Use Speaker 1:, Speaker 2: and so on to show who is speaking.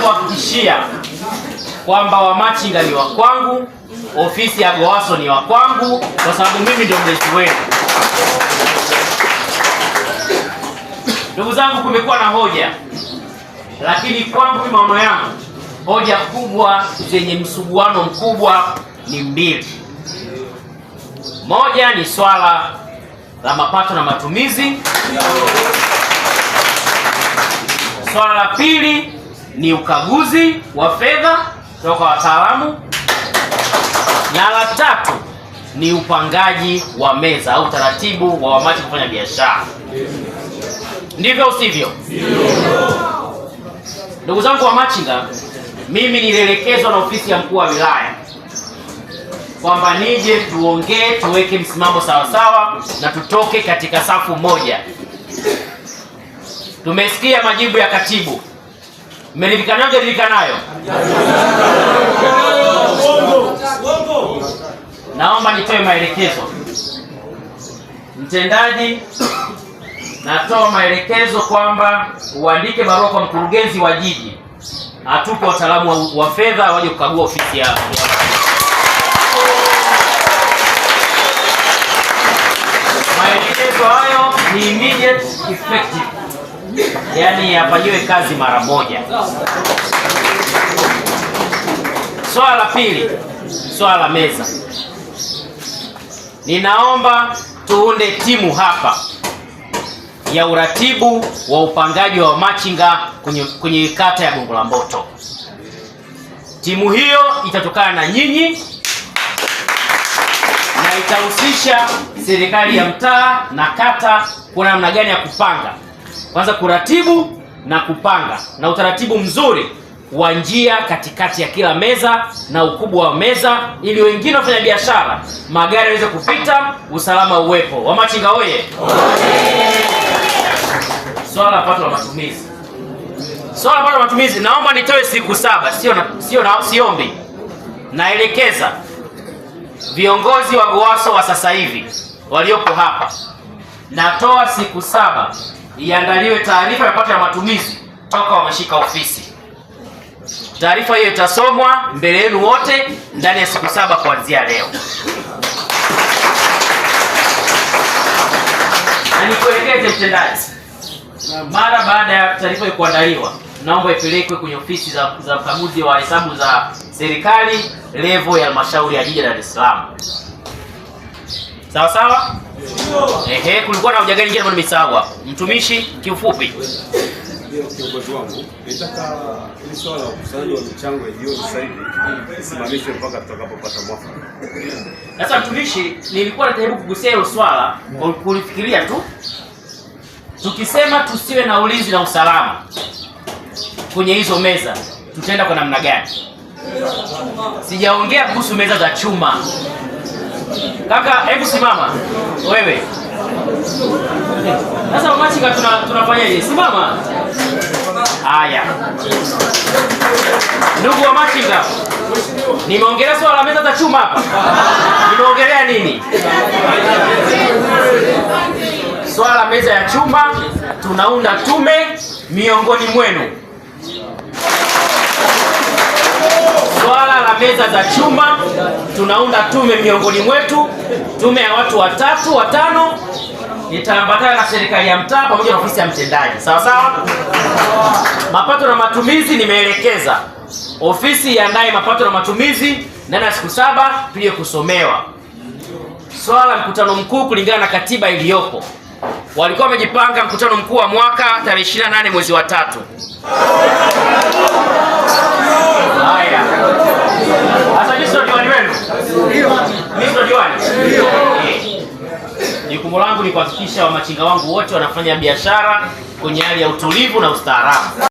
Speaker 1: kuhakikishia kwamba wamachinga ni wa kwangu, ofisi ya Gowaso ni wa kwangu, kwa sababu mimi ndio mlezi wenu. Ndugu zangu, kumekuwa na hoja, lakini kwangu maono yangu, hoja kubwa zenye msuguano mkubwa ni mbili. Moja ni swala la mapato na matumizi. Swala la pili ni ukaguzi wa fedha kutoka wataalamu, na la tatu ni upangaji wa meza au taratibu wa wamati kufanya biashara. Ndivyo usivyo? Ndugu zangu wa machinga, mimi nilielekezwa na ofisi ya mkuu wa wilaya kwamba nije tuongee, tuweke msimamo sawasawa na tutoke katika safu moja. Tumesikia majibu ya katibu Mmelivikanaje livikanayo? Naomba nitoe maelekezo mtendaji, natoa maelekezo kwamba uandike barua kwa mkurugenzi wa jiji, atupe wataalamu wa, wa fedha waje kukagua ofisi ya maelekezo hayo ni immediate effective yani yafanyiwe kazi mara moja. Swala la pili, swala la meza, ninaomba tuunde timu hapa ya uratibu wa upangaji wa machinga kwenye, kwenye kata ya Gongo la Mboto. Timu hiyo itatokana na nyinyi na itahusisha serikali ya mtaa na kata kuna namna gani ya kupanga kwanza kuratibu na kupanga na utaratibu mzuri wa njia katikati ya kila meza na ukubwa wa meza, ili wengine wafanya biashara magari yaweze kupita, usalama uwepo. Wamachinga oye! Swala la pato la matumizi, swala la pato la matumizi, naomba nitoe siku saba, sio na, sio na, siombi, naelekeza viongozi wa GUWASA wa sasa hivi walioko hapa, natoa siku saba iandaliwe taarifa ya pato ya matumizi toka wameshika ofisi. Taarifa hiyo itasomwa mbele yenu wote ndani ya siku saba kuanzia leo. Na nikuelekeze mtendaji, mara baada ya taarifa hiyo kuandaliwa, naomba ipelekwe kwenye ofisi za, za mkaguzi wa hesabu za serikali levo ya halmashauri ya jiji la Dar es Salaam. Sawa sawa. Ehe, kulikuwa na hoja gani jana? Nimesahau hapo. Mtumishi, kiufupi ndio kiongozi wangu, ili swala la ukusanyaji wa michango ya jioni sasa hivi mpaka tutakapopata mwafaka. Sasa mtumishi, nilikuwa najaribu kugusia hilo swala kwa kulifikiria tu, tukisema tusiwe na ulinzi na usalama kwenye hizo meza tutaenda kwa namna gani? Sijaongea kuhusu meza za chuma Kaka, hebu simama wewe. Sasa machinga tunafanyaje? Simama. Haya. Ndugu wa machinga, nimeongelea swala la meza za chuma hapa. Nimeongelea nini? Swala la meza ya chuma, tunaunda tume miongoni mwenu meza za chuma, tunaunda tume miongoni mwetu, tume ya watu watatu watano, itaambatana na serikali ya mtaa pamoja na ofisi ya mtendaji. Sawa sawa. Mapato na matumizi nimeelekeza ofisi iandaye mapato na matumizi, ndani ya siku saba pia kusomewa swala mkutano mkuu kulingana na katiba iliyopo. Walikuwa wamejipanga mkutano mkuu wa mwaka tarehe 28 mwezi wa tatu. Haya. jukumu langu ni kuhakikisha wamachinga wangu wote wanafanya biashara kwenye hali ya utulivu na ustaarabu.